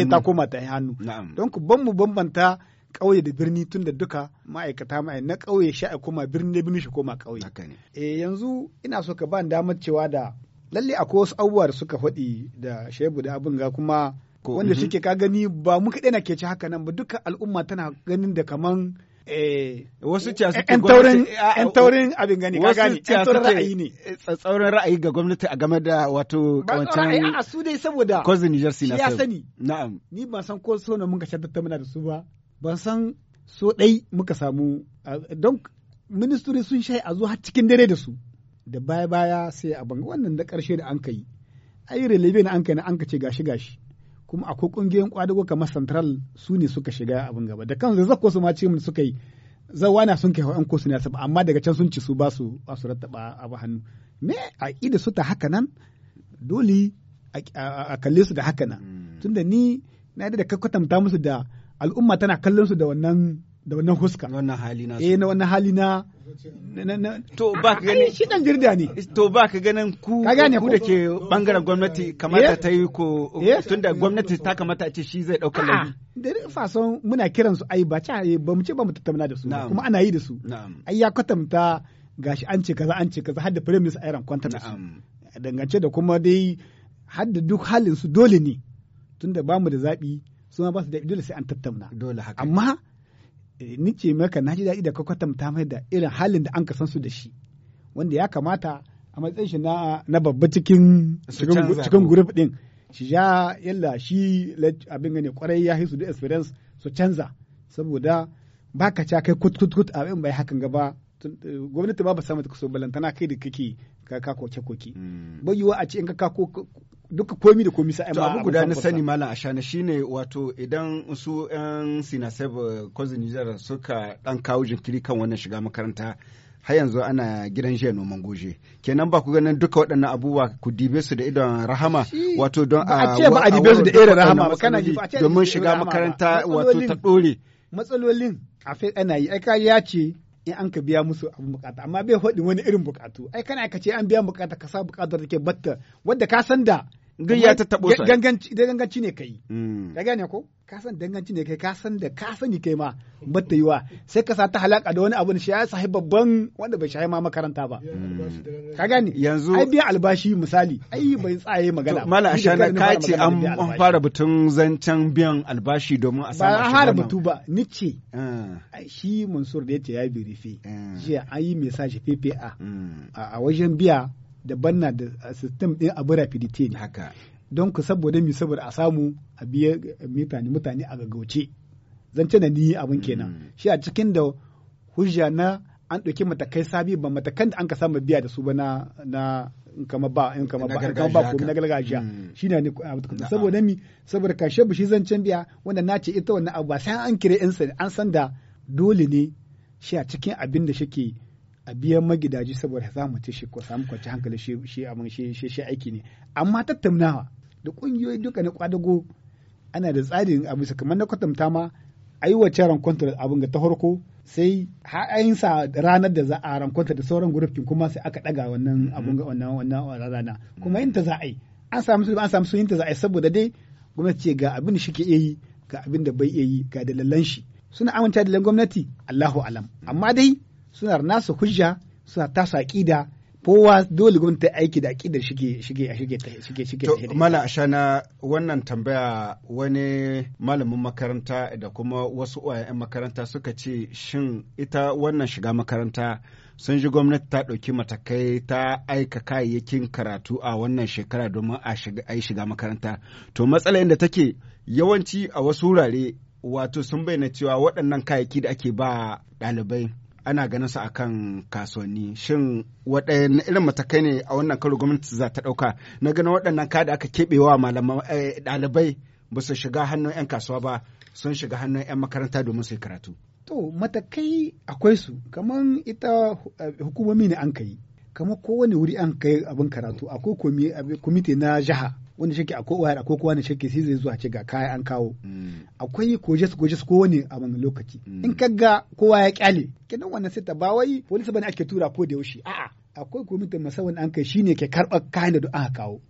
ta koma ta eh, hannu don ku ban mu bambanta ƙauye da birni tun da duka ma'aikata ma'ai na ƙauye sha a koma birni da birni shi koma ƙauye. E yanzu ina so ka ba damar cewa da lalle akwai wasu abubuwa da suka faɗi da shebu da abin ga kuma wanda mhm. suke ka gani ba mu kaɗai na ke ci haka nan ba duka al'umma tana ganin da kaman eh, wasu ciya suke gwamnati yan taurin abin gani ka gani yan ra'ayi ne Tsatsauran ra'ayi ga gwamnati a game da wato kawancan a su dai saboda kwazin Niger Sina ya sani na'am ni ba san ko so na mun ka shaddata muna da su ba ban san so ɗai muka samu don ministry sun shai a zo har cikin dare da su da baya baya sai a banga wannan da ƙarshe da an kai ayi relebe na an kai na an ce gashi gashi kuma akwai ƙungiyoyin kwadago kamar central su ne suka shiga abin gaba da kansu zakko su ma ce mun suka yi zawa na sun kai hawan ko su ne amma daga can sun ci su ba su ba su rattaba abu hannu me a ida su ta haka nan dole a kalle su da haka nan hmm. tunda ni na da ka musu da al'umma tana kallon su da wannan da wannan huska wannan hali na eh na wannan hali na to ba ka ganin shi dan jirda ne to ba ka ganin ku ku da ke bangaren gwamnati eh. kamata ta yi ko eh. tunda gwamnati ta kamata a ce shi zai dauka lafi da fason muna kiran su ai ba ba mu ce ba mu tattauna da su kuma ana yi da su ai ya kwatanta gashi an ce kaza an ce kaza har da prime minister ayran kwanta da su dangance da kuma dai har da duk halin su dole ne tunda ba mu da zabi su ma ba su da dole sai an tattauna dole haka amma eh, ni ce maka na ji daɗi da ka kwatanta mai da irin halin da an ka san su da shi wanda ya kamata a matsayin shi na babba cikin cikin group din shi ja yalla shi abin gane kwarai ya hisu da experience su canza saboda baka ca kai kut kut kut abin bai hakan gaba eh, gwamnati ba ba samu ta kaso balantana kai da kake ka koke koke hmm. bai yiwa a ce in ka kako duka komi da komi sai ma abu guda na sani malam ashana shine wato idan su yan sinasef kwazin eh, nijar suka dan kawo jinkiri kan wannan shiga makaranta har yanzu ana gidan jiya noman goje kenan ba ku ganin duka waɗannan abubuwa ku dibe su da idon rahama wato don a ce ba a dibe su da irin rahama ba kana domin shiga makaranta wato ta dore matsalolin a ana yi ai ya ce in an ka biya musu abin bukata amma bai faɗi wani irin bukatu ai kana ka ce an biya bukata ka sa bukatar ke batta wadda ka san da gai ya tattaɓo su ganganci da ganganci ne kai mm. ka gane ko ka san danganci ne kai ka san da ka sani kai ma batta yiwa sai ka sa ta halaka da wani abu da shi ya sahi babban wanda bai shahi ma makaranta ba mm. ka gane yanzu ai biyan albashi misali ai mm. bai tsaye magana mala ashana ka ce an fara batun zancen biyan albashi domin a samu ba fara batu ba ni ce ah. shi mansur da ce ya bi rufe ah. jiya an yi message PPA a wajen biya daban na da system din abu rapidity ne haka don ku saboda mi saboda a samu a biya mutane mutane a gaggauce ce na ni abin kenan mm. shi a cikin da hujja na an ɗauki matakai sabi ba matakan da an ka samu biya da su ba na na in kama ba in kama ba in kama ba ko na gargajiya mm. shine ne saboda mi saboda kashe bu shi can biya wanda na ce ita wannan abu ba sai an kire yan an san da dole ne shi a cikin abin da shike a biyan magidaji saboda za mu ci shi ko samu kwanci hankali shi abin shi shi aiki ne amma tattaunawa da kungiyoyi duka na kwadago ana da tsarin abu kamar na kwatanta ma a yi wacce kwantar abin ga ta farko sai yin sa ranar da za a kwantar da sauran gurufin kuma sai aka daga wannan mm-hmm. abin ga wannan rana kuma yin ta za a yi an samu su an samu su yin ta za a yi saboda dai gwamnati ce ga abin da shi ke iya yi ga abin da bai iya yi ga dalilan shi suna amince da gwamnati Allahu alam amma dai suna nasu hujja suna tasu aƙida kowa dole gwamnati ta aiki da aƙidar shige shige shige shige shige mala ashana wannan tambaya wani malamin makaranta da kuma wasu uwayen makaranta suka ce shin ita wannan shiga makaranta sun ji gwamnati ta ɗauki matakai ta aika kayayyakin karatu a wannan shekara domin a yi shiga makaranta to matsalar da take yawanci a wasu wurare wato sun bayyana cewa waɗannan kayayyaki da ake ba ɗalibai ana ganin su akan kasuwanni shin waɗanne irin matakai ne a wannan karo gwamnati za ta ɗauka na ganin waɗannan kada aka keɓewa wa eh, ɗalibai ba su shiga hannun 'yan kasuwa ba sun shiga hannun 'yan makaranta domin su yi karatu. To matakai akwai su kamar ita eh, hukumomi ne an kai kamar kowane wuri an kai abin karatu akwai kwamiti eh, na jiha wanda shake a kowa a kowa ne shake sai zai zuwa ce ga kaya an kawo mm. akwai kojes kojes ko wani a wani lokaci mm. in kaga kowa ya kyale kenan wannan sai ta ba wai polisi bane ake tura ko da yaushe a'a akwai kwamitin masawan an kai shine ke karɓar kayan da aka kawo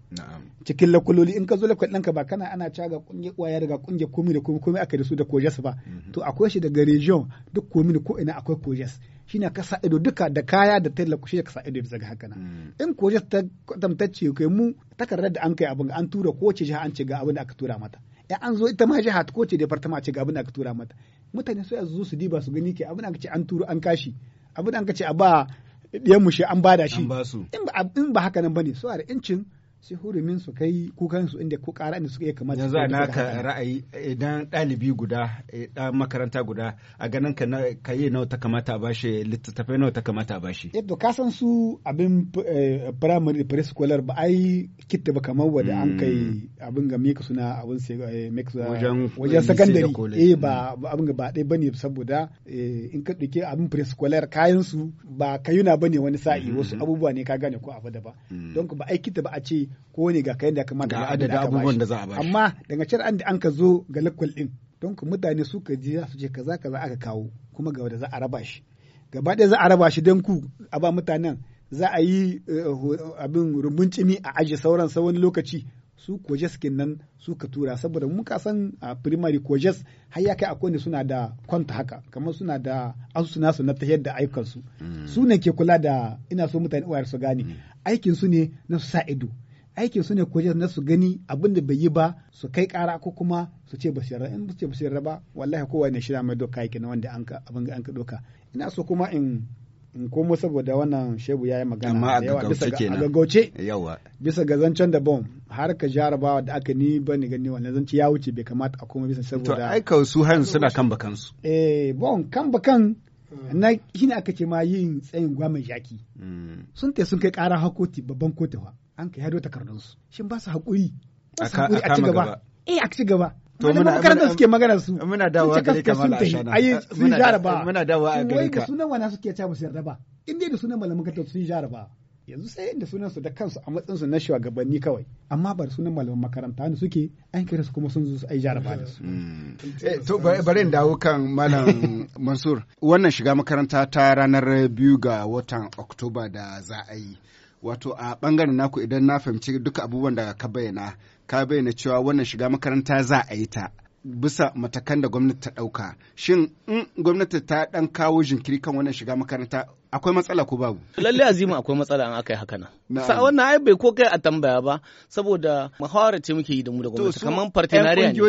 cikin lakuloli in ka zo lakwai ɗanka ba kana ana ca ga ƙungiyar ƙwaya daga kunge komi da komi komi aka da su da kojas ba mm-hmm. to akwai shi daga region duk komi da ko ina akwai kojas. shine ka sa ido duka da kaya da ta shi ka sa ido daga ga haka nan mm. in kojas ta tamtacce kai mu takardar da an kai abin an tura ko ce jiha an ce ga abin da aka tura mata ya an zo ita ma jiha ko ce departama ce ga abin da aka tura mata mutane su zo su diba su gani ke abin da aka ce an turo an kashi abin da aka ce a ba ɗiyan mu shi an bada shi in ba hakanan nan bane a da yancin sai min su kai kukan su inda ku kara inda suka iya kamata yanzu ana ka ra'ayi idan ɗalibi guda eh, ɗan makaranta guda a ganin ka ka nawa ta kamata a bashi littattafai nawa ta kamata a bashi yadda ka san su abin eh, primary preschooler ba ai kitta ba kamar wanda an kai hmm. abin ga mika suna abin sai eh, mika wajen wajen e secondary eh ba hmm. abin ga ba dai bane saboda in ka dake abin preschooler kayan su ba kayuna bane wani sa'i hmm. wasu abubuwa ne ka gane ko abu da ba don ba ai kitta ba a ce ko ne ga kayan da kamata ga adadin abubuwan da za a bashi amma daga can an da an ka zo ga lakwal din don ku mutane su ka ji su ce kaza kaza aka kawo kuma ga wanda za a raba shi gaba ɗaya za a raba shi don ku a ba mutanen za a yi eh, abin rumbun cimi a aji sauran sa wani lokaci su kojes nan su ka tura saboda mun san a primary kojes har ya kai akwai ne suna da kwanta haka kamar suna da asusu nasu na ta yadda ayyukansu mm. su ne ke kula da ina so mutane uwayar su gane mm. aikin su ne na su sa ido aikin su ne kuje na su gani abin da bai yi ba su kai kara ko kuma su ce ba su yarda in ce ba su ba wallahi kowa ne shirya mai doka yake na wanda abin da an ka doka ina so kuma in in komo saboda wannan shebu ya yi magana da yawa bisa ga gaggauce bisa ga zancen da bom har ka jarabawa da aka ni ba ni gani wannan zanci ya wuce bai kamata a koma bisa saboda to ka su han suna kan bakan su eh bom kan bakan hmm. na shine aka ce ma yin tsayin gwamnati yaki hmm. sun te sun kai kara hakoti babban kotu an ka yado takardunsu shin ba su haƙuri ba su haƙuri a ci gaba eh a ci gaba to muna makarantar suke magana su muna dawowa gare ka mala ashana ayi sun jaraba muna dawo a gare ka sunan wana suke ta musu jaraba in dai da sunan malamin makaranta sun jaraba yanzu sai inda sunan su da kansu a matsayin su na shugabanni kawai amma ba sunan malamin makaranta ne suke an kira su kuma sun zo su ai jaraba da su eh, to bare in dawo kan malam Mansur wannan shiga makaranta ta ranar biyu ga watan Oktoba da za a yi wato a bangaren naku idan na fahimci duka abubuwan da ka bayyana ka bayyana cewa wannan shiga makaranta za a yi ta bisa matakan da gwamnati ta ɗauka shin in gwamnati ta ɗan kawo jinkiri kan wannan shiga makaranta akwai matsala ko babu lalle azimu akwai matsala in aka yi haka nan sa wannan ai bai ko kai a tambaya ba saboda muhawara ce muke yi da mu da gwamnati kamar partenariya ne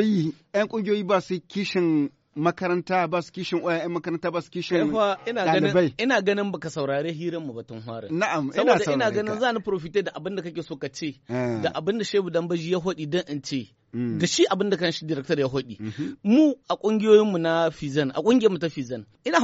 ƴan kungiyoyi ba su kishin makaranta ba su kishin oya yan makaranta ba su kishin ɗalibai. Ina ganin baka saurare hirar mu batun harin. Na'am ina saurare Saboda ina ganin za ni profite da abin da kake so ka ce eh. da abin da Shehu Dambaji ya hodi dan in ce. Mm. Da shi abin da kan shi director ya hodi. Mhm. Mu a kungiyoyinmu na Fizan a kungiyar mu ta Fizan ina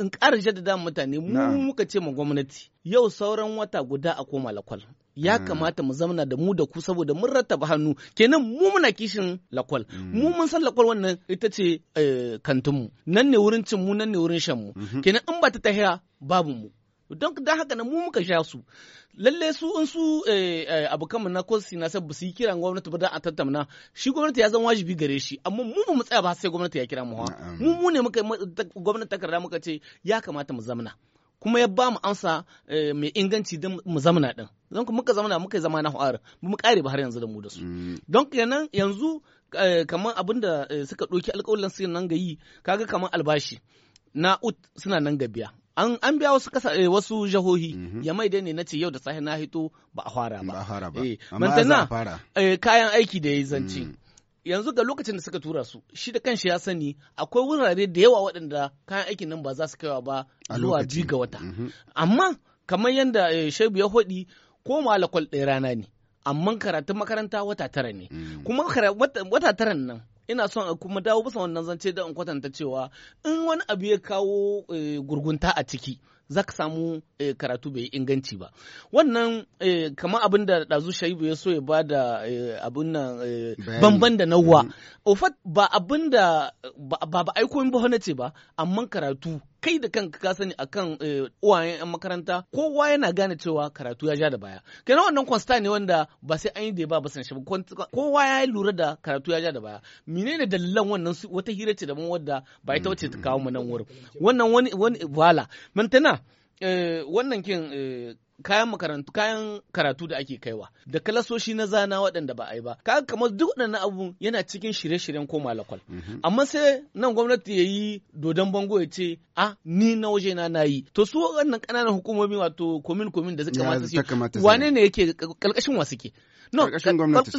in ƙara jaddada mutane mu muka ce ma gwamnati yau sauran wata guda a koma lakwal. ya mm. kamata mu zamana da mu da ku saboda mun rattaba hannu kenan mu muna kishin lakwal mm. mu mun san lakwal wannan ita ce eh, kantinmu nan ne wurin cin mu nan ne wurin shan mu mm-hmm. kenan in ba ta tahiya babu mu don da haka na mu muka sha su lalle su in su eh, eh, abokanmu na kosi na sai su yi kiran gwamnati ba a tattauna shi gwamnati ya zan wajibi gare shi amma mu ba mu tsaya ba sai gwamnati ya kira mu mu mu ne muka gwamnati takarda muka ce ya kamata mu zamana. kuma ya ba mu amsa eh, mai inganci don mu zamana din don ku muka zamana muka zama na hu'ar mu kare ba har yanzu da mu da su mm. don kenan yanzu eh, kamar abin da eh, suka ɗauki alƙawarin su nan ga yi kaga kamar albashi na ut suna nan ga biya an an biya wasu kasa eh, wasu jahohi mm-hmm. ya mai dai ne nace yau da safe na hito ba a fara ba ba a fara ba eh, mantana eh, kayan aiki da yayi zance mm. yanzu ga lokacin da suka tura su shi da kanshi ya sani akwai wurare da yawa waɗanda kayan aikin nan ba za su kaiwa ba zuwa ji ga wata mhm. amma kamar yadda eh, shaibu ya hodi ko malakwal ɗaya rana ne amma karatun makaranta wata tara ne mm. kuma wata tara nan ina son kuma dawo bisa wannan zance da in kwatanta cewa in wani abu ya kawo eh, gurgunta a ciki za ka samu eh, karatu bai inganci ba wannan eh, kamar abin da ɗazu shaibu ya so ya ba da eh, abin nan banban da nawa mm-hmm. ofat ba abin da ba aiko ba ce ba amma karatu kai da kanka ka sani akan eh, uwayen yan makaranta kowa yana gane cewa karatu ya ja da baya kenan wannan consta ne wanda ba sai an yi da ba ba san shi kowa ya lura da karatu ya ja da baya menene dalilan wannan wata hira ce da mun wadda ba ita wacce ta kawo mu nan wurin wannan wani wani wala mantana Eh, wannan kin eh, kayan makarantu kayan karatu da ake kaiwa da kalasoshi na zana waɗanda ba a yi ba kaga kamar duk waɗannan abu yana cikin shirye-shiryen koma lakwal mhm. amma sai nan gwamnati ya yi dodon bango ya ce a ni na waje na na yi to su waɗannan ƙananan hukumomi wato komin komin da suka kamata su wane ne yake ƙarƙashin wa suke no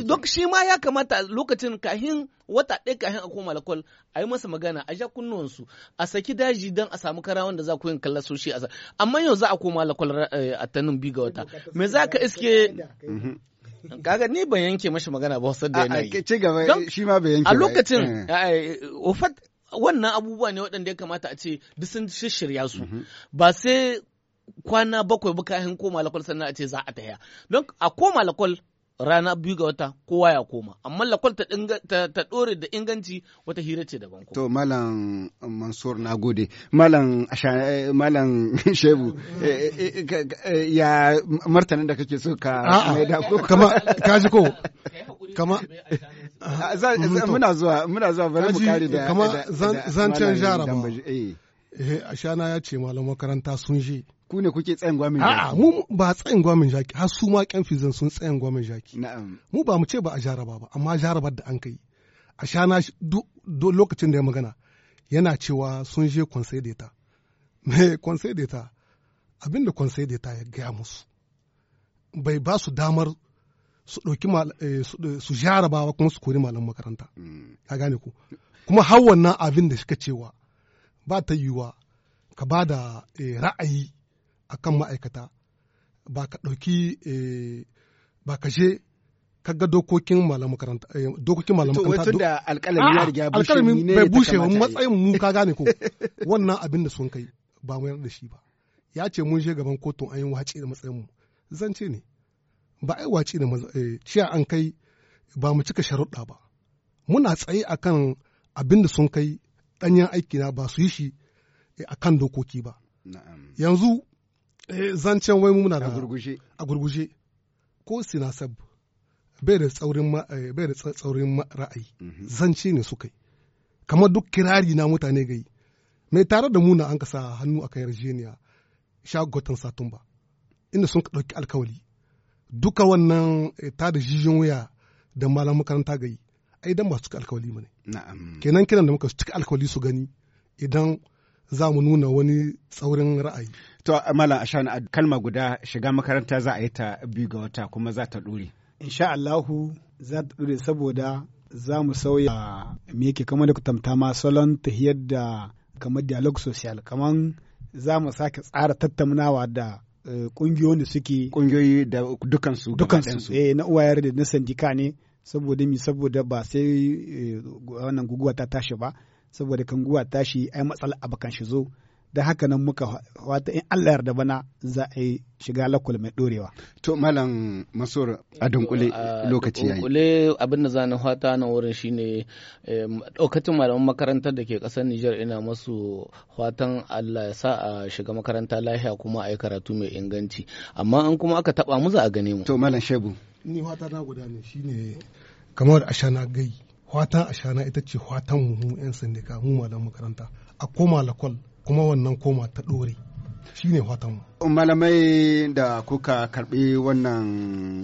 duk shi ma ya kamata lokacin kahin wata ɗaya kahin a koma lakwal a yi masa magana a ja kunnuwansu a saki daji don a samu kara wanda za ku yin kalla soshi a amma yau za a koma lakwal eh, a tanin bi ga wata me za ka iske mhm. kaga ni ban yanke mashi magana ba wasu da yanayi ce gaba shi ma bai yanke a lokacin eh. Eh, wannan abubuwa ne waɗanda ya kamata a ce duk sun shirya su mhm. ba sai kwana bakwai bukahin koma lakwal sannan a ce za a taya don a koma lakwal rana biyu ga wata kowa ya koma amma lakwal ta, ta, dore da inganci wata hira ce daban ko. to malam mansur na gode malam eh, malam shebu eh, eh, ya martanin da kake so ka mai da ko kama ka ji ko kama ah, muna zuwa muna zuwa bari mu kare da kama zan canja rabu eh ashana ya ce malam makaranta sun je ku ne kuke tsayin gwamin jaki a'a mu ba tsayin gwamin jaki har su ma kyan fizan sun tsayin gwamin jaki mu ba mu ce ba a jaraba ba amma jarabar da an kai a shana lokacin da ya magana yana cewa sun je conseil ta. me conseil ta abin da conseil ta ya gaya musu bai ba su damar su ɗauki eh, su eh, jarabawa kuma su kori malam makaranta mm. ka gane ku kuma har wannan abin da suka cewa ba ta yiwuwa ka ba da eh, ra'ayi a kan ma'aikata ba ka ɗauki eh, ba ka je kaga dokokin malam makaranta eh, dokokin malam makaranta to da alƙalami ya ah, riga alƙalami bai bushe matsayin mu ka gane ko wannan abin da sun kai ba mu yarda da shi ba ya ce mun je gaban kotun an yi wace da matsayin mu zan ce ne ba ai wace da ciya eh, an kai ba mu cika sharuɗa ba muna tsaye akan abin da sun kai ɗanyen aiki na ba su yi shi akan dokoki ba yanzu Eh, zancen wai muna da a gurguje ko sinasab bai da tsaurin eh, bai da tsaurin ra'ayi mhm. zance ne suka yi kamar duk kirari na mutane gai mai tare da muna an ka sa hannu akan yarjejeniya shagotan satumba inda sun ɗauki alkawali duka wannan eh, ta da jijin wuya da malam makaranta gai ai dan ba su alkawali ba ne kenan kiran da muka su cika alkawali su gani idan za mu nuna wani tsaurin ra'ayi. To Malam Ashan kalma guda shiga makaranta za a yi ta biyu ga wata kuma za ta In sha Allahu za ta ɗure saboda za mu sauya me yake kamar da kutamta ma salon ta da kamar dialog social kamar za mu sake tsara tattaunawa da eh, ƙungiyoyin da suke ƙungiyoyi da dukansu dukansu eh na uwayar da na sandika ne saboda mi saboda ba sai eh, wannan guguwa ta tashi ba saboda kan guwa tashi ai matsala a bakan shi zo da haka nan muka wata in Allah yarda bana za a yi shiga lakul mai dorewa. To malam masur a dunkule lokaci yayi. Dunkule abin da zan hwata nan wurin shine daukacin malaman makarantar da ke kasar Niger ina masu fatan Allah ya sa a shiga makaranta lafiya kuma a yi karatu mai inganci amma an kuma aka taba mu za a gane mu. To malam Shebu. Ni fata na guda ne shine kamar ashana gai Hwatan shana ita ce hwatan mu 'yan sandika mu malam makaranta a koma lakwal kuma wannan koma ta dore shine hwatan mu. malamai da kuka karbi wannan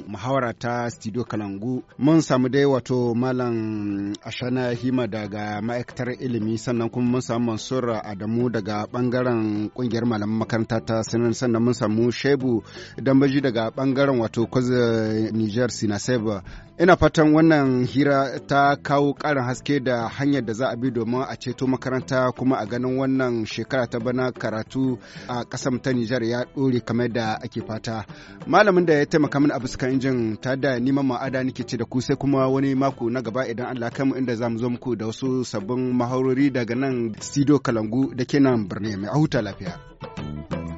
muhawara ta studio kalangu mun samu dai wato malam ashana hima daga ma'aikatar ilimi sannan kuma mun samu mansur adamu daga bangaren kungiyar malaman makaranta ta sinan sannan mun samu shebu dambaji daga bangaren wato kwazi eh, niger sinaseba ina fatan wannan hira ta kawo karin haske da hanyar da za a bi domin a ceto makaranta kuma a ganin wannan shekara ta bana karatu a kasar ta nijar ya ɗore kamar da ake fata malamin da ya taimaka min a fuskan injin ta da neman ma'ada nake ce da ku sai kuma wani mako na gaba idan Allah mu inda za mu zo muku da wasu sabbin mahaurori daga nan studio kalangu da ke nan birni mai a huta lafiya.